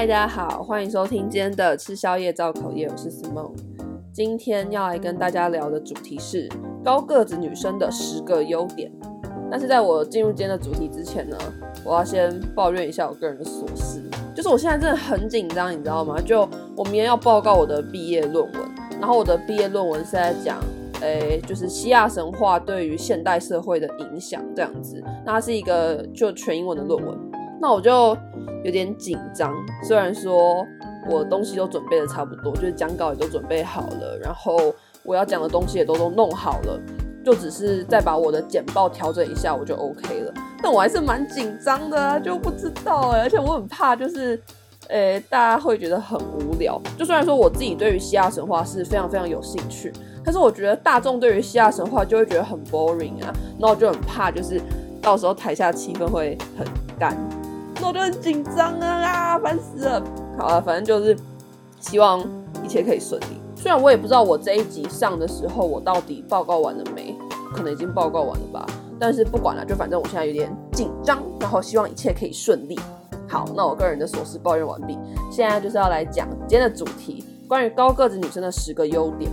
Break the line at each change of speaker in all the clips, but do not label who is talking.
嗨，大家好，歡迎收聽今天的吃宵夜造口業，我是 Simone，今天要來跟大家聊的主題是高個子女生的十個優點。但是在我進入今天的主題之前呢，我要先抱怨一下我個人的瑣事，就是我現在真的很緊張，你知道嗎？就我明天要報告我的畢業論文，然後我的畢業論文是在講，誒，就是西亞神話對於現代社會的影響這樣子。那它是一個就全英文的論文，那我就。有點緊張，雖然說我的東西都準備得差不多，就是講稿也都準備好了，然後我要講的東西也都都弄好了，就只是再把我的簡報調整一下，我就 OK 了。但我還是蠻緊張的啊，就不知道哎、欸，而且我很怕就是，哎、欸，大家會覺得很無聊。就雖然說我自己對於西亞神話是非常非常有興趣，但是我覺得大眾對於西亞神話就會覺得很 boring 啊，那我就很怕就是到時候台下氣氛會很乾。我都很緊張啊，煩死了！好了，反正就是希望一切可以順利。雖然我也不知道我這一集上的時候我到底報告完了沒，可能已經報告完了吧。但是不管了，就反正我現在有點緊張，然後希望一切可以順利。好，那我個人的瑣事抱怨完畢，現在就是要來講今天的主題——關於高個子女生的十個優點。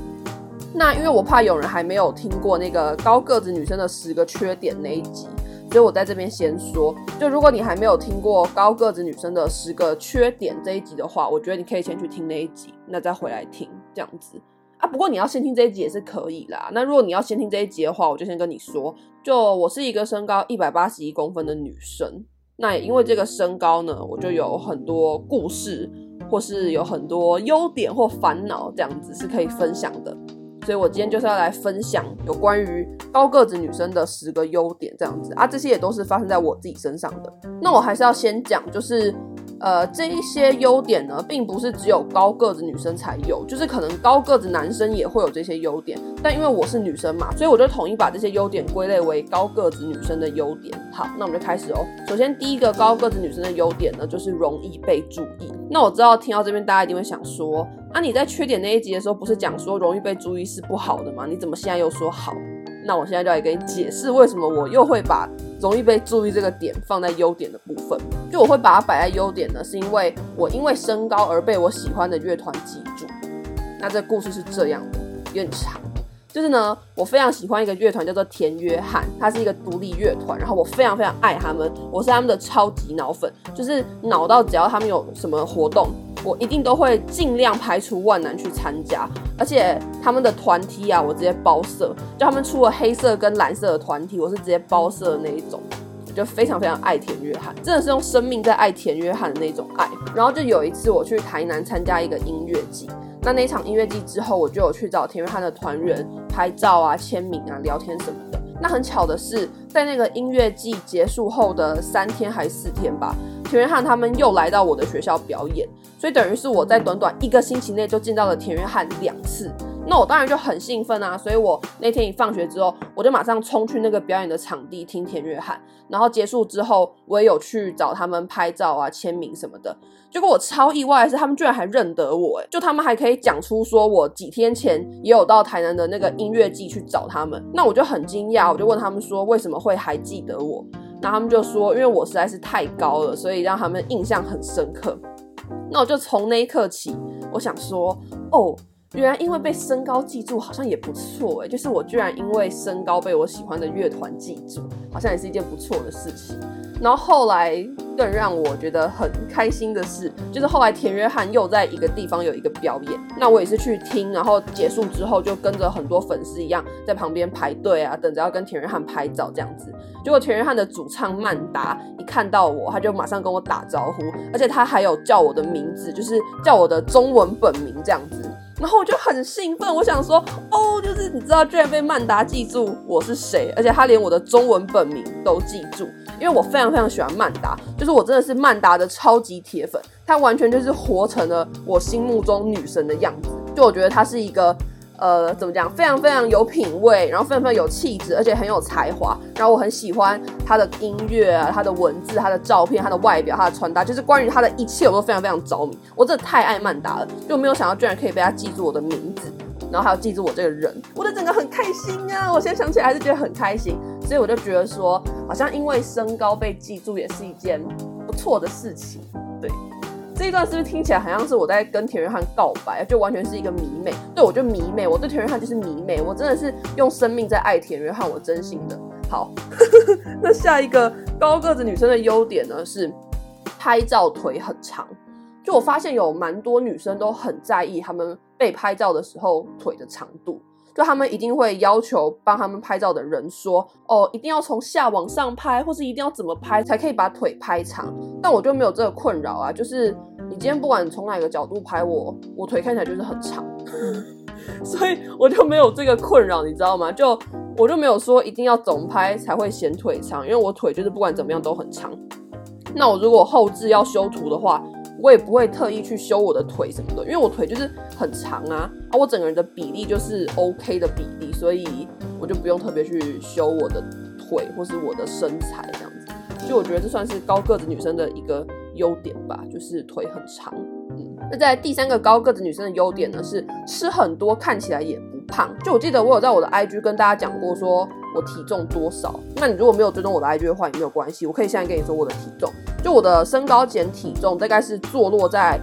那因為我怕有人還沒有聽過那個高個子女生的十個缺點那一集。就我在這邊先說，就如果你還沒有聽過高個子女生的十個缺點這一集的話，我覺得你可以先去聽那一集，那再回來聽這樣子啊。不過你要先聽這一集也是可以啦。那如果你要先聽這一集的話，我就先跟你說，就我是一個身高一百八十一公分的女生，那也因為這個身高呢，我就有很多故事，或是有很多優點或煩惱，這樣子是可以分享的。所以，我今天就是要來分享有關於高個子女生的十個優點，這樣子啊，這些也都是發生在我自己身上的。那我還是要先講，就是。呃，這一些優點呢，並不是只有高個子女生才有，就是可能高個子男生也會有這些優點，但因為我是女生嘛，所以我就統一把這些優點歸類為高個子女生的優點。好，那我們就開始哦。首先，第一個高個子女生的優點呢，就是容易被注意。那我知道聽到這邊大家一定會想說，那你在缺點那一集的時候不是講說容易被注意是不好的嗎？你怎麼現在又說好？那我現在就來給你解釋為什麼我又會把。容易被注意這個點放在優點的部分，就我會把它擺在優點呢，是因為我因為身高而被我喜歡的樂團記住。那這個故事是這樣的，有點長，就是呢，我非常喜歡一個樂團叫做甜約翰，他是一個獨立樂團，然後我非常非常愛他們，我是他們的超級腦粉，就是腦到只要他們有什麼活動，我一定都會盡量排除萬難去參加，而且他們的團體啊，我直接包色，就他們出了黑色跟藍色的團體，我是直接包色的那一種，就非常非常愛甜約翰，真的是用生命在愛甜約翰的那種愛。然後就有一次我去台南參加一個音樂祭，那那一場音樂祭之後，我就有去找甜約翰的團員拍照啊、簽名啊、聊天什麼的。那很巧的是，在那個音樂祭結束後的三天還是四天吧。田甜約翰他們又來到我的學校表演，所以等於是我在短短一個星期內就見到了田甜約翰兩次。那我當然就很興奮啊！所以我那天一放學之後，我就馬上衝去那個表演的場地聽田甜約翰。然後結束之後，我也有去找他們拍照啊、簽名什麼的。結果我超意外的是，他們居然還認得我，欸！誒，就他們還可以講出說我幾天前也有到台南的那個音樂季去找他們。那我就很驚訝，我就問他們說，為什麼會還記得我？然後他們就說，因為我實在是太高了，所以讓他們印象很深刻。那我就從那一刻起，我想說，哦，原來因為被身高記住，好像也不錯誒。就是我居然因為身高被我喜歡的樂團記住，好像也是一件不錯的事情。然後後來。更讓我覺得很開心的是，就是後來田約翰又在一個地方有一個表演，那我也是去聽，然後結束之後就跟着很多粉絲一樣在旁邊排隊啊，等着要跟田約翰拍照這樣子。結果田約翰的主唱曼達一看到我，他就馬上跟我打招呼，而且他還有叫我的名字，就是叫我的中文本名這樣子。然後我就很興奮，我想說，哦，就是你知道，居然被曼達記住我是誰，而且他連我的中文本名都記住，因為我非常非常喜歡曼達。就是我真的是曼達的超級鐵粉，她完全就是活成了我心目中女神的樣子。就我覺得她是一個，呃，怎麼講，非常非常有品味，然後非常非常有氣質，而且很有才華。然後我很喜歡她的音樂啊，她的文字，她的照片，她的外表，她的穿搭，就是關於她的一切我都非常非常着迷。我真的太愛曼達了，就沒有想到居然可以被她記住我的名字，然後還有記住我這個人，我的整個很開心啊！我現在想起來還是覺得很開心。所以我就覺得說，好像因為身高被記住也是一件不錯的事情。對，這一段是不是聽起來好像是我在跟田原漢告白？就完全是一個迷妹。對，我就迷妹，我對田原漢就是迷妹，我真的是用生命在愛田原漢，我真心的。好， 那下一個高個子女生的優點呢是拍照腿很長。就我發現有蠻多女生都很在意她們被拍照的時候腿的長度。就他們一定會要求幫他們拍照的人說，哦，一定要從下往上拍，或是一定要怎麼拍才可以把腿拍長。但我就沒有這個困擾啊，就是你今天不管從哪個角度拍我，我腿看起來就是很長， 所以我就沒有這個困擾，你知道嗎？就我就沒有說一定要怎麼拍才會顯腿長，因為我腿就是不管怎麼樣都很長。那我如果後製要修圖的話，我也不會特意去修我的腿什麼的，因為我腿就是很長啊，啊，我整個人的比例就是 OK 的比例，所以我就不用特別去修我的腿或是我的身材這樣子。就我覺得這算是高個子女生的一個優點吧，就是腿很長。嗯，那在第三個高個子女生的優點呢，是吃很多看起來也。胖，就我記得我有在我的 IG 跟大家講過，說我體重多少。那你如果沒有追蹤我的 IG 的話，也沒有關係，我可以現在跟你說我的體重。就我的身高減體重，大概是坐落在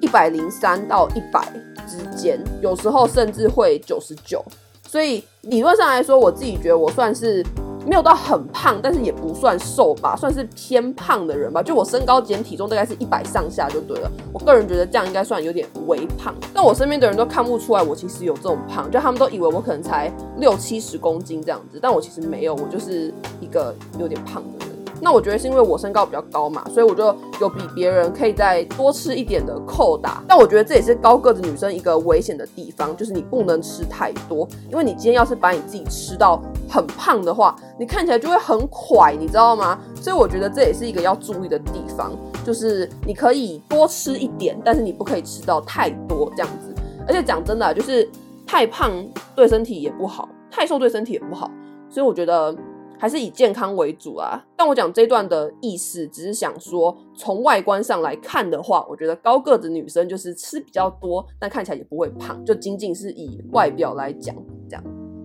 一百零三到一百之間，有時候甚至會九十九。所以理論上來說，我自己覺得我算是。沒有到很胖，但是也不算瘦吧，算是偏胖的人吧。就我身高減體重，大概是一百上下就對了。我個人覺得這樣應該算有點微胖，但我身邊的人都看不出來我其實有這種胖，就他們都以為我可能才六七十公斤這樣子，但我其實沒有，我就是一個有點胖的人。那我覺得是因為我身高比較高嘛，所以我就有比別人可以再多吃一點的扣打。但我覺得這也是高個子女生一個危險的地方，就是你不能吃太多，因為你今天要是把你自己吃到很胖的話，你看起來就會很垮，你知道嗎？所以我覺得這也是一個要注意的地方，就是你可以多吃一點，但是你不可以吃到太多這樣子。而且講真的啊，就是太胖對身體也不好，太瘦對身體也不好，所以我覺得。還是以健康為主啊。但我講這段的意思，只是想說，從外觀上來看的話，我覺得高個子女生就是吃比較多，但看起來也不會胖，就僅僅是以外表來講，這樣。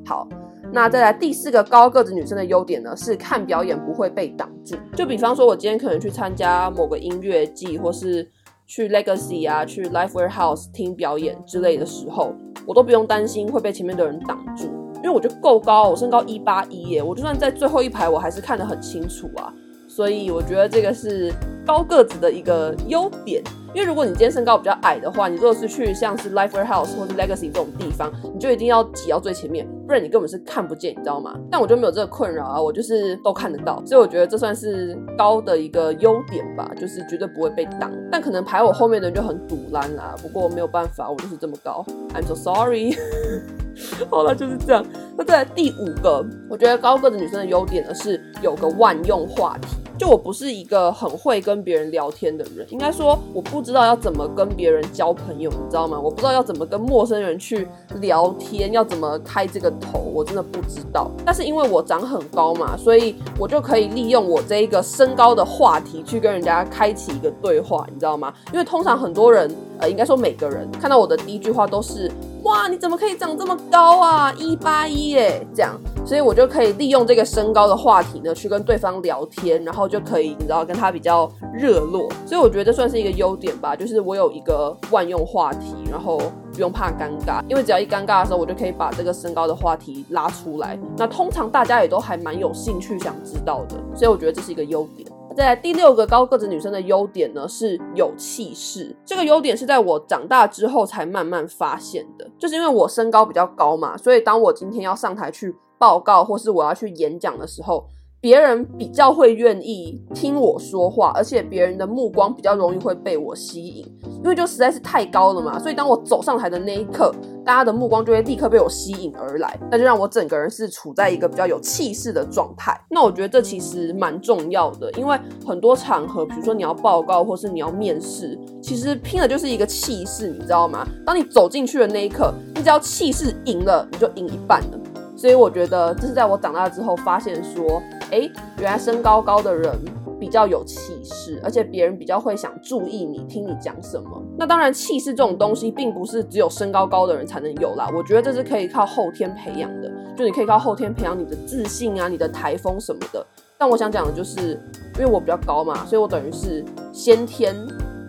好，那再來第四個高個子女生的優點呢，是看表演不會被擋住。就比方說，我今天可能去參加某個音樂祭，或是去 Legacy 啊，去 Live Warehouse 聽表演之類的時候，我都不用擔心會被前面的人擋住。因為我就夠高，我身高一八一耶，我就算在最後一排，我還是看得很清楚啊，所以我覺得這個是高個子的一個優點，因為如果你今天身高比較矮的話，你如果是去像是 Live House 或者 Legacy 這種地方，你就一定要擠到最前面，不然你根本是看不見，你知道嗎？但我就沒有這個困擾啊，我就是都看得到，所以我覺得這算是高的一個優點吧，就是絕對不會被擋。但可能排我後面的人就很堵爛啦，不過沒有辦法，我就是這麼高。I'm so sorry。 好了，就是這樣。那再來第五個，我覺得高個子女生的優點呢是有個萬用話題。就我不是一個很會跟別人聊天的人，應該說我不知道要怎麼跟別人交朋友，你知道嗎？我不知道要怎麼跟陌生人去聊天，要怎麼開這個頭，我真的不知道。但是因為我長很高嘛，所以我就可以利用我這一個身高的話題去跟人家開啟一個對話，你知道嗎？因為通常很多人，呃，應該說每個人看到我的第一句話都是。哇，你怎麼可以長這麼高啊？一八一耶，這樣，所以我就可以利用這個身高的話題呢，去跟對方聊天，然後就可以，你知道，跟他比較熱絡。所以我覺得這算是一個優點吧，就是我有一個萬用話題，然後不用怕尷尬，因為只要一尷尬的時候，我就可以把這個身高的話題拉出來。那通常大家也都還蠻有興趣想知道的，所以我覺得這是一個優點。再來，第六個高個子女生的優點呢，是有氣勢。這個優點是在我長大之後才慢慢發現的，就是因為我身高比較高嘛，所以當我今天要上台去報告，或是我要去演講的時候，別人比較會願意聽我說話，而且別人的目光比較容易會被我吸引，因為就實在是太高了嘛。所以當我走上台的那一刻，大家的目光就會立刻被我吸引而來，那就讓我整個人是處在一個比較有氣勢的狀態。那我覺得這其實蠻重要的，因為很多場合，比如說你要報告或是你要面試，其實拼的就是一個氣勢，你知道嗎？當你走進去的那一刻，你只要氣勢贏了，你就贏一半了。所以我覺得這是在我長大之後發現說。誒，原來身高高的人比較有氣勢，而且別人比較會想注意你，聽你講什麼。那當然，氣勢這種東西並不是只有身高高的人才能有啦。我覺得這是可以靠後天培養的，就你可以靠後天培養你的自信啊，你的台風什麼的。但我想講的就是，因為我比較高嘛，所以我等於是先天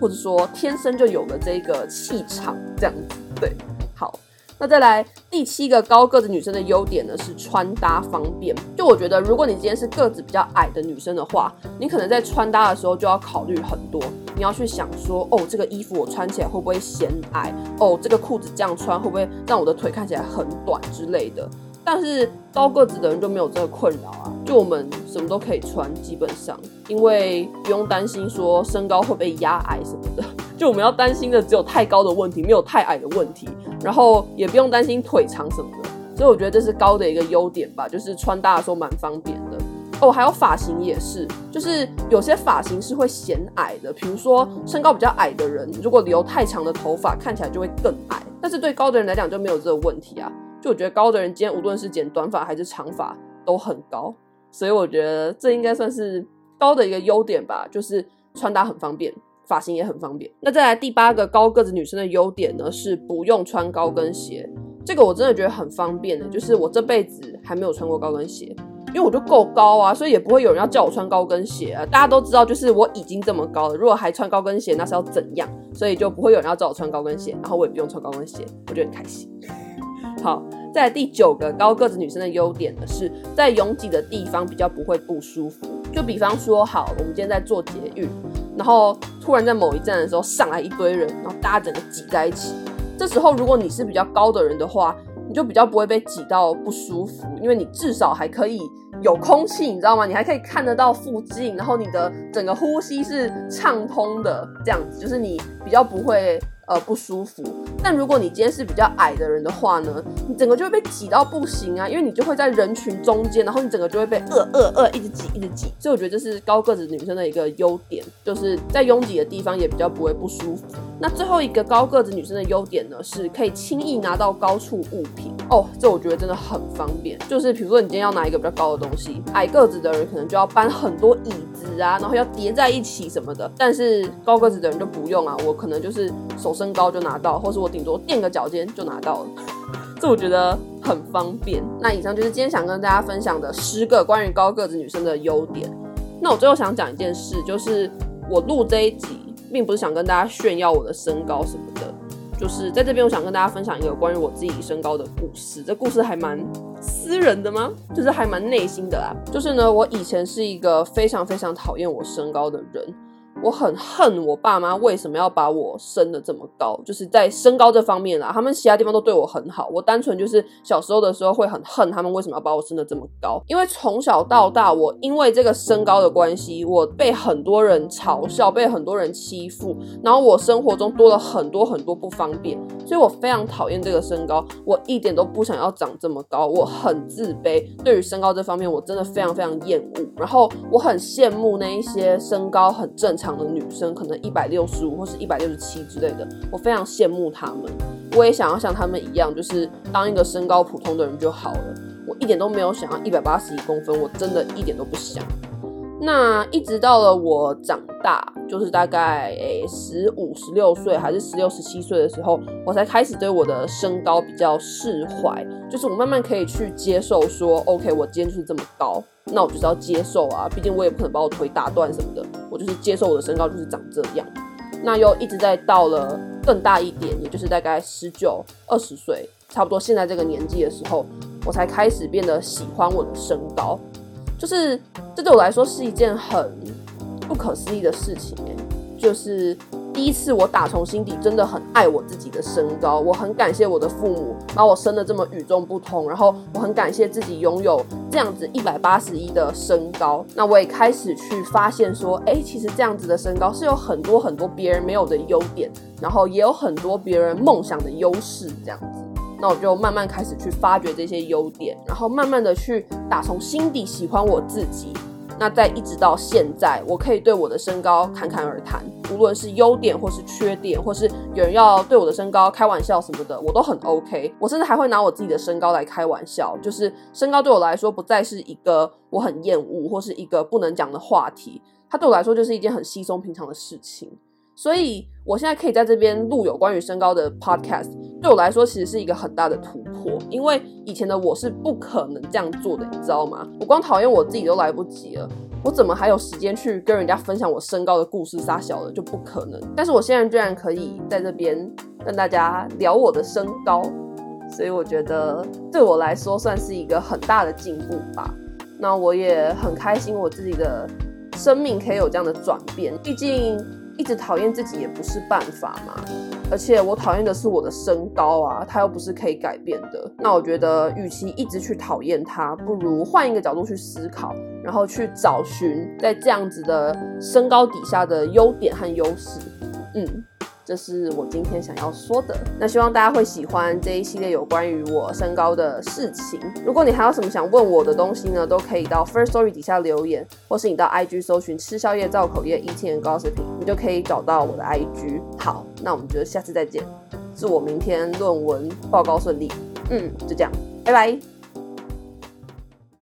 或者說天生就有了這個氣場，這樣子。對，好。那再來第七個高個子女生的優點呢，是穿搭方便。就我覺得，如果你今天是個子比較矮的女生的話，你可能在穿搭的時候就要考慮很多，你要去想說，哦，這個衣服我穿起來會不會顯矮？哦，這個褲子這樣穿會不會讓我的腿看起來很短之類的？但是高個子的人就沒有這個困擾啊，就我們什麼都可以穿，基本上，因為不用擔心說身高會被壓矮什麼的。就我們要擔心的只有太高的問題，沒有太矮的問題，然後也不用擔心腿長什麼的，所以我覺得這是高的一個優點吧，就是穿搭的時候蠻方便的。哦，還有髮型也是，就是有些髮型是會顯矮的，比如說身高比較矮的人，你如果留太長的頭髮，看起來就會更矮。但是對高的人來講就沒有這個問題啊。就我覺得高的人今天無論是剪短髮還是長髮都很高，所以我覺得這應該算是高的一個優點吧，就是穿搭很方便。髮型也很方便。那再來第八個高個子女生的優點呢，是不用穿高跟鞋。這個我真的覺得很方便的、欸，就是我這輩子還沒有穿過高跟鞋，因為我就夠高啊，所以也不會有人要叫我穿高跟鞋啊。大家都知道，就是我已經這麼高了，如果還穿高跟鞋，那是要怎樣？所以就不會有人要叫我穿高跟鞋，然後我也不用穿高跟鞋，我就很開心。好，再來第九個高個子女生的優點的是，在擁擠的地方比較不會不舒服。就比方說，好，我們今天在做捷運，然後突然在某一站的時候上來一堆人，然後大家整個擠在一起。這時候如果你是比較高的人的話，你就比較不會被擠到不舒服，因為你至少還可以有空氣，你知道嗎？你還可以看得到附近，然後你的整個呼吸是暢通的，這樣子就是你比較不會。呃，不舒服。但如果你今天是比較矮的人的話呢，你整個就會被擠到不行啊，因為你就會在人群中間，然後你整個就會被呃、呃、呃、呃、呃、呃，一直擠一直擠。所以我覺得這是高個子女生的一個優點，就是在擁擠的地方也比較不會不舒服。那最後一個高個子女生的優點呢，是可以輕易拿到高處物品哦，oh, 這我覺得真的很方便。就是比如說你今天要拿一個比較高的東西，矮個子的人可能就要搬很多椅子啊，然後要疊在一起什麼的，但是高個子的人就不用啊，我可能就是手伸高就拿到，或是我頂多墊個腳尖就拿到了， 這我覺得很方便。那以上就是今天想跟大家分享的十個關於高個子女生的優點。那我最後想講一件事，就是我錄這一集。並不是想跟大家炫耀我的身高什麼的，就是在這邊，我想跟大家分享一個關於我自己身高的故事。這故事還蠻私人的嗎？就是還蠻內心的啦。就是呢，我以前是一個非常非常討厭我身高的人。我很恨我爸媽為什麼要把我生得這麼高，就是在身高這方面啦，他們其他地方都對我很好。我單純就是小時候的時候會很恨他們為什麼要把我生得這麼高，因為從小到大我因為這個身高的關係，我被很多人嘲笑，被很多人欺負，然後我生活中多了很多很多不方便，所以我非常討厭這個身高，我一點都不想要長這麼高，我很自卑。對於身高這方面，我真的非常非常厭惡。然後我很羨慕那一些身高很正常，的女生可能一百六十五或是一百六十七之類的，我非常羨慕她們，我也想要像她們一樣，就是當一個身高普通的人就好了。我一點都沒有想要一百八十一公分，我真的一點都不想。那一直到了我長大，就是大概欸，十五、十六歲，還是十六、十七歲的時候，我才開始對我的身高比較釋懷，就是我慢慢可以去接受說，說 OK，我今天就是這麼高，那我就是要接受啊，畢竟我也不可能把我腿打斷什麼的。就是接受我的身高，就是長這樣。那又一直在到了更大一點，也就是大概十九、二十歲，差不多現在這個年紀的時候，我才開始變得喜歡我的身高。就是這對我來說是一件很不可思議的事情，就是。第一次，我打從心底真的很愛我自己的身高，我很感謝我的父母把我生得這麼與眾不同，然後我很感謝自己擁有這樣子一百八十一的身高。那我也開始去發現說，誒、欸，其實這樣子的身高是有很多很多別人沒有的優點，然後也有很多別人夢想的優勢這樣子。那我就慢慢開始去發掘這些優點，然後慢慢的去打從心底喜歡我自己。那在一直到現在，我可以對我的身高侃侃而談。無論是優點或是缺點，或是有人要對我的身高開玩笑什麼的，我都很 OK。我甚至還會拿我自己的身高來開玩笑，就是身高對我來說不再是一個我很厭惡或是一個不能講的話題，它對我來說就是一件很稀鬆平常的事情。所以我現在可以在這邊錄有關於身高的 podcast，對我來說其實是一個很大的突破，因為以前的我是不可能這樣做的，你知道嗎？我光討厭我自己都來不及了。我怎麼還有時間去跟人家分享我身高的故事？殺小呢，就不可能。但是我現在居然可以在這邊跟大家聊我的身高，所以我覺得對我來說算是一個很大的進步吧。那我也很開心，我自己的生命可以有這樣的轉變。畢竟。一直討厭自己也不是辦法嘛，而且我討厭的是我的身高啊，它又不是可以改變的。那我覺得，與其一直去討厭它，不如換一個角度去思考，然後去找尋在這樣子的身高底下的優點和優勢。嗯。這是我今天想要說的，那希望大家會喜歡這一系列有關於我身高的事情。如果你還有什麼想問我的東西呢，都可以到 Firstory 底下留言，或是你到 IG 搜尋“吃宵夜造口業 eating and gossiping”，你就可以找到我的 IG。好，那我們就下次再見，祝我明天論文報告順利。嗯，就這樣，拜拜。